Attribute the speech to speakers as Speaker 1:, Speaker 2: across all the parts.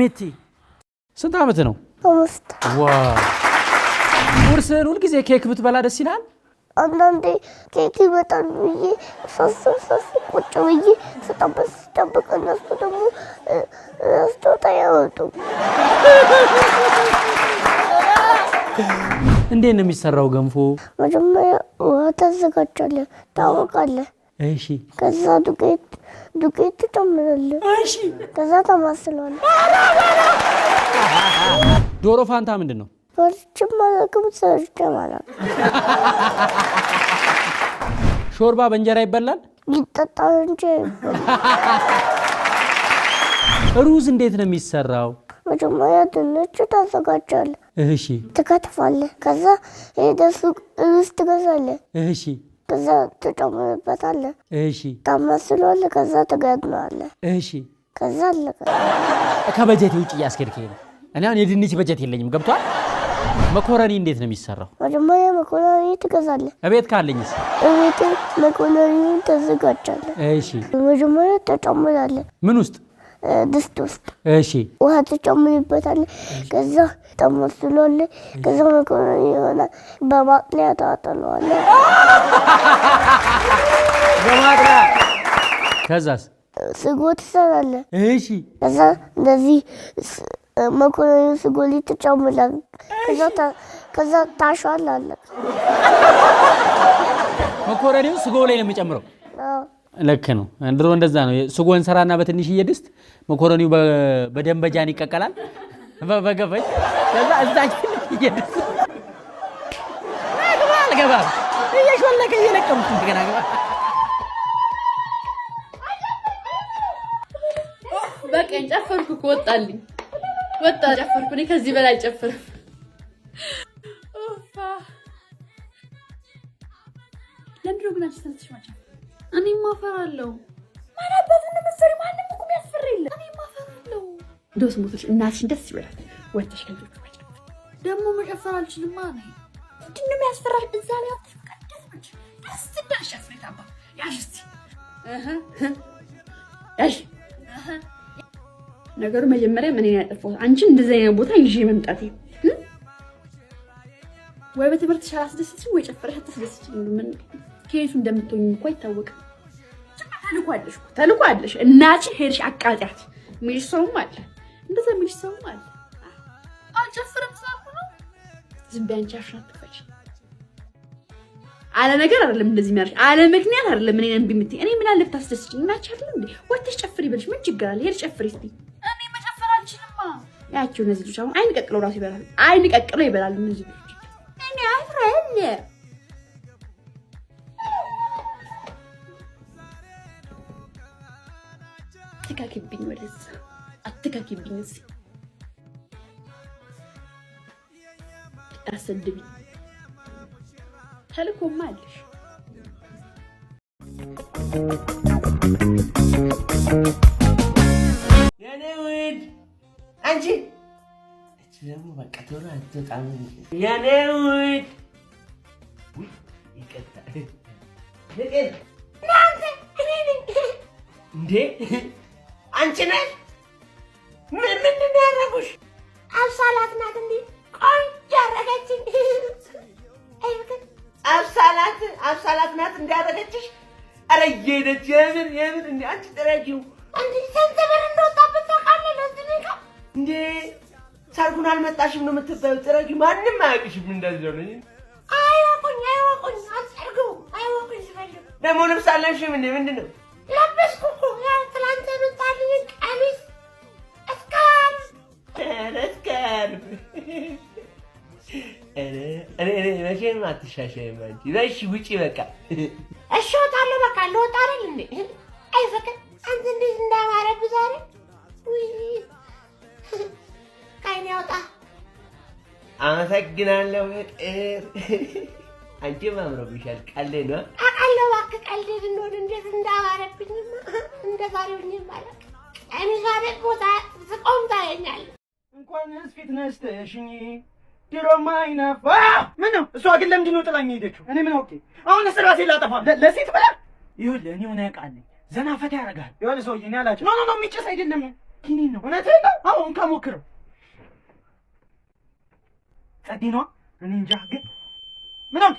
Speaker 1: ሜቲ ስንት ዓመት ነው? ቁርስህን ሁልጊዜ ኬክ ብትበላ ደስ ይላል።
Speaker 2: አንዳንዴ ኬክ ይመጣል ብዬ ሳስሳስ ቁጭ ብዬ ስጠብቅ ሲጠብቅ እነሱ ደግሞ ስጦታ ያወጡ።
Speaker 1: እንዴት ነው የሚሰራው ገንፎ?
Speaker 2: መጀመሪያ ውሃ ታዘጋጃለህ፣ ታወቃለህ እሺ ከዛ ዱቄት ዱቄት ትጨምራለህ። እሺ ከዛ ተማስሏል።
Speaker 1: ዶሮ ፋንታ ምንድን ነው?
Speaker 2: በርችም አላውቅም ሰርቼም አላውቅም።
Speaker 1: ሾርባ በእንጀራ ይበላል
Speaker 2: ይጠጣል እንጂ።
Speaker 1: ሩዝ እንዴት ነው የሚሰራው?
Speaker 2: መጀመሪያ ድንች ታዘጋጃለህ። እሺ ትከትፋለህ። ከዛ ሄደህ ሱቅ ሩዝ ትገዛለህ። እሺ ከዛ ትጨምርበታለህ። እሺ ታመስሏል። ከዛ ትገድለዋለህ። እሺ ከዛ አለቀ።
Speaker 1: ከበጀቴ ውጭ እያስኬድከኝ ነው። እኔ አሁን የድንች በጀት የለኝም። ገብቷል። መኮረኒ እንዴት ነው የሚሰራው?
Speaker 2: መጀመሪያ መኮረኒ ትገዛለህ።
Speaker 1: እቤት ካለኝስ?
Speaker 2: እቤት መኮረኒ ተዘጋጃለህ። እሺ መጀመሪያ ተጨምራለህ። ምን ውስጥ ድስት ውስጥ እሺ፣ ውሃ ተጨምሪበታል። ከዛ ተመስሎል። ከዛ መኮረኒ ይሆናል። በማቅለያ ታጠለዋለ።
Speaker 1: በማቅለያ ከዛስ
Speaker 2: ስጎ ትሰራለ። እሺ ከዛ እንደዚህ መኮረኒ ስጎ ላይ ትጨምላል። ከዛ ከዛ ታሸዋል አለ።
Speaker 1: መኮረኒው ስጎ ላይ ነው የሚጨምረው። አዎ ልክ ነው። ድሮ እንደዛ ነው። ስጎ እንሰራና በትንሽዬ ድስት መኮረኒው በደንበጃን ይቀቀላል በገፈች
Speaker 3: እየሾለከ ጨፈርኩ እኮ ወጣልኝ፣ ወጣ ጨፈርኩ። እኔ ከዚህ በላይ አልጨፍርም። ለምድሮ ግን አልስተልትሽ እኔ ማፈራለሁ። ማን አባቱ ነው መሰሪ? ማንም እኮ የሚያስፈራ የለም። እኔ ማፈራለሁ። ደስ ሞቶች እናትሽን ደስ ይበላል። ወጥተሽ ከልጆቹ ወጭ ደግሞ መሸፈር አልችልም። ማን ምንድን ነው ያስፈራል? እዛ ላይ አትቀደምች ደስ ትዳሽ ያስፈታባ ያሽ እስቲ ያሽ ነገሩ መጀመሪያ ምን ያጠፋው አንቺን እንደዚህ አይነት ቦታ ይዤ መምጣቴ ወይ በትምህርትሽ አላስደስትሽም ወይ ጨፍረሽ አታስደስትሽም። ምን ከየቱ እንደምትሆኝ እኮ አይታወቅም። ተልኮ አለሽ ተልኮ አለሽ። እናቺ ሄድሽ አቃጢያት የሚልሽ ሰውም አለ፣ እንደዛ የሚልሽ ሰውም አለ። አልጨፍርም ሳልኩ ነው። ዝም በይ አንቺ አፍሽን አለ ነገር አይደለም እንደዚህ የሚያርሽ አለ ምክንያት አይደለም። እኔ ነን ቢምት እኔ ምን አለ ብታስደስች እናቺ አይደለም እንዴ ወጥተሽ ጨፍሪ ብለሽ ምን ችግር አለ? ሄድሽ ጨፍሪ እስቲ። እኔ መጨፈር አልችልማ። ያቸው እነዚህ ልጆች አሁን አይን ቀቅለው ራሱ ይበላል። አይን ቀቅለው ይበላል እነዚህ ልጆች እኔ አፍራለ አትካኪብኝ፣ ወደዛ አትካኪብኝ፣ እዚህ አሰድብኝ። ተልኮማ አለሽ
Speaker 4: የኔ ውድ አንቺ ደግሞ በቃ ቶሎ አትወጣም። የኔ ውድ ይቀጣል እንዴ አንቺ ነሽ? ምን ምንድን ነው
Speaker 3: አብሳላት ናት እንዲ ቆንጆ ያደረገችኝ።
Speaker 4: አብሳላት አብሳላት ናት እንዲያደረገችሽ። ኧረ እየሄደች የምን የምን እንዲ አንቺ ጥረጊው
Speaker 3: እንዲ ሰንሰበር እንደወጣበት ታውቃለህ። ለዚህ ኔ
Speaker 4: እንዴ ሰርጉን አልመጣሽም ነው የምትባዩ? ጥረጊ ማንም አያውቅሽም። እንደዚህ ሆነ
Speaker 3: አይወቁኝ አይወቁኝ አሰርጉ አይወቁኝ ስፈልግ
Speaker 4: ደግሞ ልብስ አለሽም እንዴ ምንድን ነው መቼም አትሻሻይም አንቺ። በሽ ውጪ በቃ።
Speaker 3: እሺ እወጣለሁ። በቃ ልወጣ አይደል እንዴ? አይ ፈቀድ አንተ እንዴት እንዳማረብህ ዛሬ። ውይ ከዓይኔ አውጣ።
Speaker 4: አመሰግናለሁ ፍቅር አንቺ አምሮብሻል። ቀልድ ነው
Speaker 3: አውቃለሁ። ባክ ቀልድ እንሆን እንዴት እንዳማረብኝማ እንደ ዛሬው እኔም አላውቅም። ቀሚሷ ቤት ቦታ ስቆም ታየኛለህ።
Speaker 4: እንኳን ፊት ነስተሽኝ ድሮማ አይናፋ ምን ነው እሷ ግን ለምንድን ነው ጥላኝ ሄደችው? እኔ ምን አውቄ አሁን ስራሴ ላጠፋ ለሴት ብላ ይሁን እኔ ሆነ ያውቃለኝ ዘና ፈታ ያደርጋል። ይኸውልህ ሰውዬ እኔ አላቸው ኖ ኖ ኖ የሚጨስ አይደለም ኪኒን ነው። እውነትህን ነው። አሁን ከሞክረው ጸዴ ነዋ። እኔ እንጃ ግን ምን አውቄ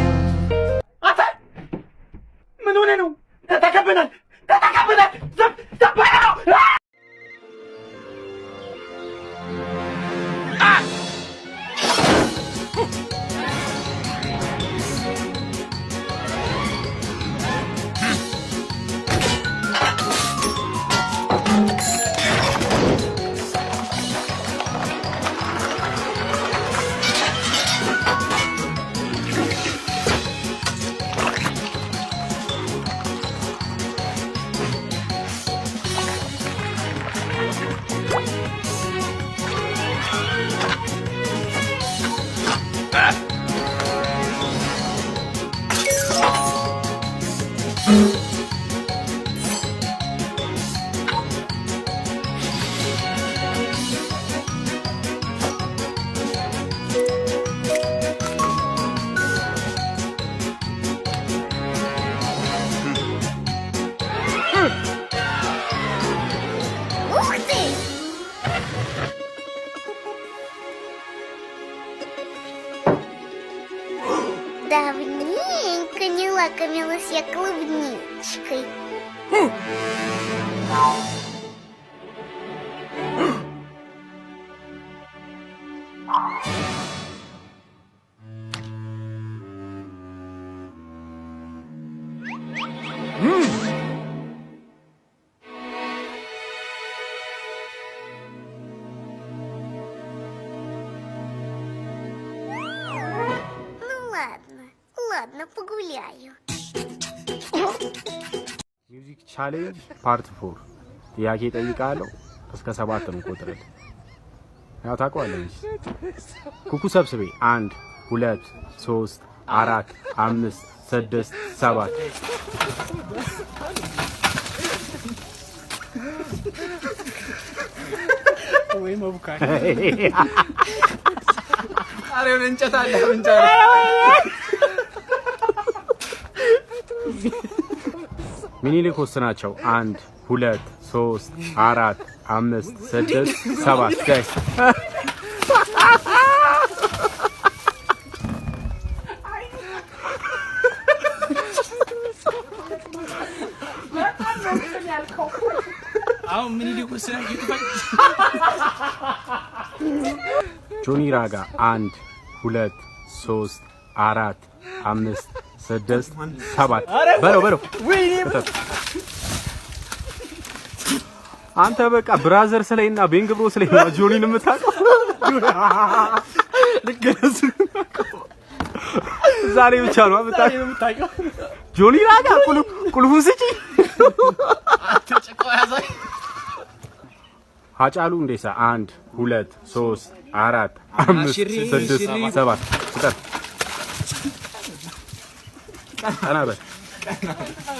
Speaker 4: 他打不开
Speaker 5: только не лакомилась я клубничкой. Хм. ладно, погуляю.
Speaker 6: ሚውዚክ ቻሌንጅ ፓርት ፎር ጥያቄ ጠይቃለሁ። እስከ ሰባት ነው ቁጥር ያው ታውቀዋለሽ። ኩኩ ሰብስቤ አንድ ሁለት ሶስት አራት አምስት ስድስት ሰባት
Speaker 7: ወይ መቡካሪ እንጨት አለ እንጨት
Speaker 6: ሚኒሊኮስ ናቸው። አንድ ሁለት ሶስት አራት አምስት ስድስት ሰባት ጋይ ጆኒ ራጋ አንድ ሁለት ሶስት አራት አምስት ስድስት ሰባት በለው በለው። አንተ በቃ ብራዘር ስለይና ቤንግ ብሮ ስለይ ጆኒን የምታውቀው። ዛሬ ብቻ ነው የምታውቀው። ጆኒ ራጋ ስጪ። ሀጫሉ እንዴሳ አንድ ሁለት ሶስት አራት አምስት ስድስት ሰባት ቀና በል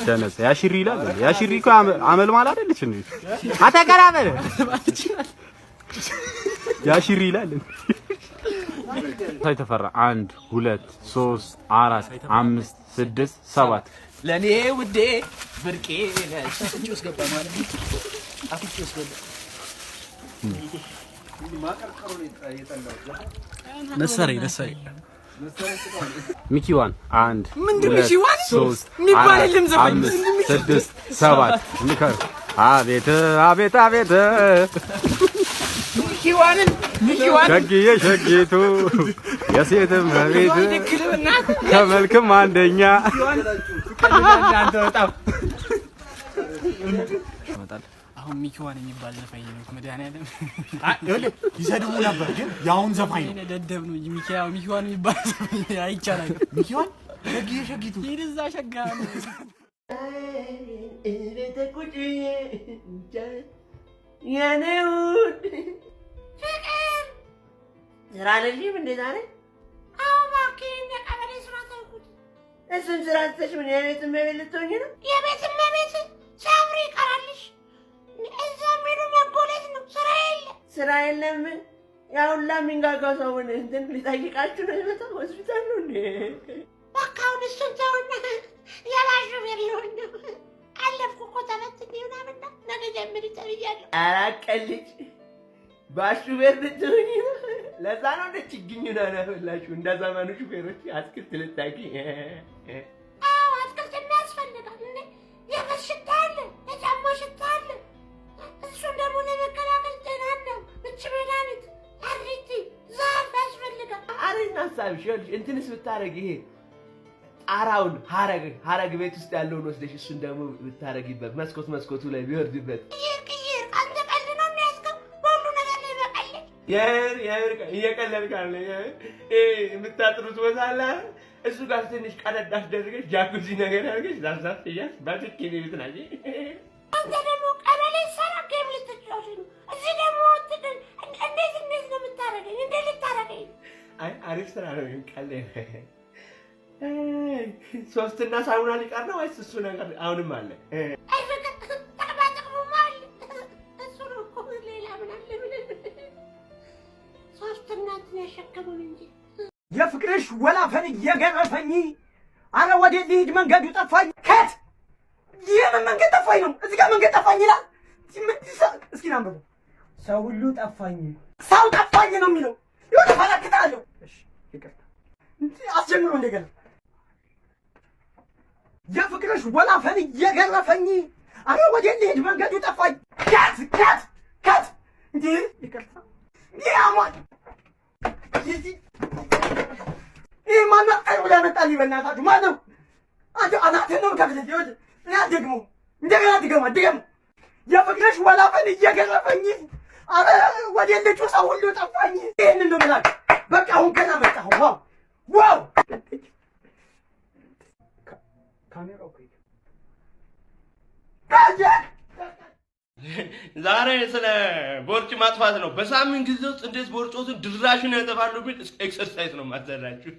Speaker 6: ደነሰ። ያሽሪ ይላል። ያሽሪ እኮ አመል ማለት አይደለች እንዴ? አታቀና በል ያሽሪ ይላል። ተፈራ አንድ ሁለት ሶስት አራት አምስት ስድስት ሰባት
Speaker 4: ለኔ ውዴ ብርቄ ነሽ። አፍንጫ ውስጥ
Speaker 6: ሚኪ ዋን አንድ
Speaker 4: ዋን ሶስት አራት አምስት
Speaker 6: ስድስት ሰባት ምከር። አቤት አቤት አቤት ሸግዬ ሸጊቱ የሴትም በቤት ከመልክም አንደኛ
Speaker 7: አሁን ሚኪዋን የሚባል ዘፋኝ ነው መድኃኒዓለም
Speaker 4: ይሰድቡ ነበር፣ ግን የአሁን ዘፋኝ
Speaker 7: ነው። ደደብ ነው ሚኪዋን የሚባል ዘፋኝ አይቻላል።
Speaker 4: ሚኪዋን ሸጊዬ ሸጊቱ
Speaker 7: ይድዛ ሸጋ
Speaker 4: ቁጭ የኔ ፍቅር ስራ አለሽም እንዴ ዛሬ?
Speaker 3: አዎ እባክህ የቀበሌ ስራ ተውኩት።
Speaker 4: እሱን ስራ ትተሽ ምን ያኔ ትመቤት ልትሆኝ ነው?
Speaker 3: የቤት እመቤት ሳምሪ ይቀራልሽ እዛ ሚሉ መጎለት ነው። ስራ የለም፣
Speaker 4: ስራ የለም። ያሁላ የሚንጋጋ ሰውን እንትን ሊጠይቃችሁ ነው የመጣው ሆስፒታል ነው እንዴ?
Speaker 3: በቃ አሁን እሱን ሰውና የባሹም የለውን አለፍኩ እኮ ተበት እንዲሆናምና ነገ ጀምሪ ተብያለሁ።
Speaker 4: አራቀልጭ ባሹ ቤት ልትሆኝ ለዛ ነው እንደ ችግኝ ሆና ያፈላችሁ እንደ ዘመኑ ሹፌሮች አትክልት ልታገኝ እንትንስ ብታረግ ይሄ ጣራውን ሀረግ ሀረግ ቤት ውስጥ ያለውን ወስደሽ እሱን ደግሞ ብታረጊበት መስኮት መስኮቱ ላይ ቢወርድበት እየቀለድክ የምታጥሩት ቦታ አለ እሱ ጋር ትንሽ ቀለድ አስደርገሽ ጃኩዚ ነገር ያርገሽ ዛዛፍ እያልሽ በትኬ ቤት ና
Speaker 3: አንተ ደግሞ ቀበሌ ሰራ ጌም ልትጫወት ነው። እዚህ ደግሞ እንዴት እንዴት ነው የምታረገኝ? እንዴት ልታረገኝ
Speaker 4: አሪፍ ስራ ነው የሚቃል ሶስትና ሳሙና ሊቀር ነው ወይስ እሱ ነገር አሁንም አለ? የፍቅርሽ ወላፈን እየገረፈኝ፣ አረ ወደ ልሂድ መንገዱ ጠፋኝ። ከት ይህም መንገድ ጠፋኝ ነው እዚህ ጋር መንገድ ጠፋኝ ይላል። እስኪ ናንበቡ ሰው ሁሉ ጠፋኝ፣ ሰው ጠፋኝ ነው የሚለው ይሁ ተፈላክታለሁ ይቅርታ እንዴ አስጀምሮ እንደገና የፍቅርሽ ወላፈን እየገረፈኝ፣ አረ ወደ ልሄድ መንገዱ ጠፋኝ። ከት ከት ከት እንዴ ይቅርታ ያሟል ይህ ማና ቀይ ብላ መጣልኝ። በእናታችሁ ማነው? አንተ አናትህ ነው ከፍለህ ይወድ እና ደግሞ እንደገና ድገማ ድገማ። የፍቅርሽ ወላፈን እየገረፈኝ፣ አረ ወደ ልጩ ሰው ሁሉ ጠፋኝ። ይህንን ነው ብላችሁ ዛሬ ስለ ቦርጭ ማጥፋት ነው። በሳምንት ጊዜ ውስጥ እንዴት ቦርጮትን ድራሽን ያጠፋሉ ብል ኤክሰርሳይዝ ነው ማዘላችሁ።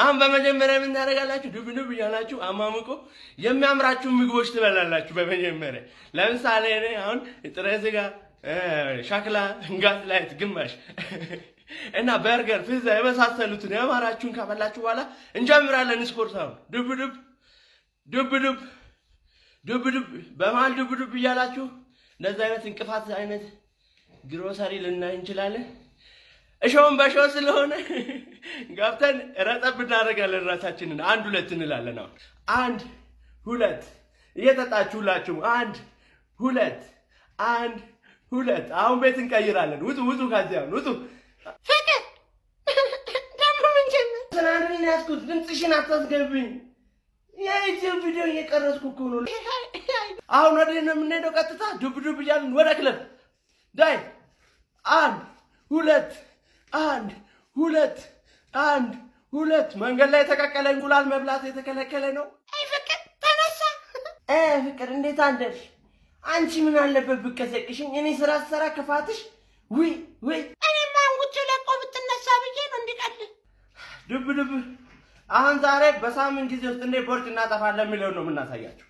Speaker 4: አሁን በመጀመሪያ ምን ታደርጋላችሁ? ድብድብ እያላችሁ አማምቆ የሚያምራችሁ ምግቦች ትበላላችሁ። በመጀመሪያ ለምሳሌ እኔ አሁን ጥሬ ስጋ፣ ሸክላ፣ ንጋት ላይት ግማሽ እና በርገር፣ ፒዛ የመሳሰሉትን የአማራችሁን ከበላችሁ በኋላ እንጀምራለን ስፖርት። አሁን ድብድብ ድብድብ ድብድብ በመሀል ድብድብ እያላችሁ እንደዛ አይነት እንቅፋት አይነት ግሮሰሪ ልናይ እንችላለን። እሾውን በሾው ስለሆነ ገብተን ረጠብ እናደርጋለን ራሳችንን። አንድ ሁለት እንላለን። አሁን አንድ ሁለት እየጠጣችሁላችሁ፣ አንድ ሁለት፣ አንድ ሁለት። አሁን ቤት እንቀይራለን። ውጡ ውጡ፣ ከዚህ አሁን ውጡ።
Speaker 3: ፍቅር ደግሞ ምን ጀምር
Speaker 4: ስላንድን ያስኩት ድምፅሽን አታስገብኝ የዚህ ቪዲዮ እየቀረጽኩ እኮ ነው። አሁን ወደ ነው የምንሄደው። ቀጥታ ዱብ ዱብ እያልን ወደ ክለብ ዳይ። አንድ ሁለት፣ አንድ ሁለት፣ አንድ ሁለት። መንገድ ላይ የተቀቀለ እንቁላል መብላት የተከለከለ ነው።
Speaker 3: አይ ፍቅር ተነሳ።
Speaker 4: አይ ፍቅር እንዴት አደርሽ? አንቺ ምን አለበት ብትቀሰቅሽኝ? እኔ ስራ ስሰራ ክፋትሽ ውይ
Speaker 3: ውይ። እኔማ አንጉቼ ለቆ ብትነሳ ብዬ ነው እንዲቀል
Speaker 4: ዱብ አሁን ዛሬ በሳምንት ጊዜ ውስጥ እንዴት ቦርጭ እናጠፋለን የሚለውን ነው የምናሳያቸው።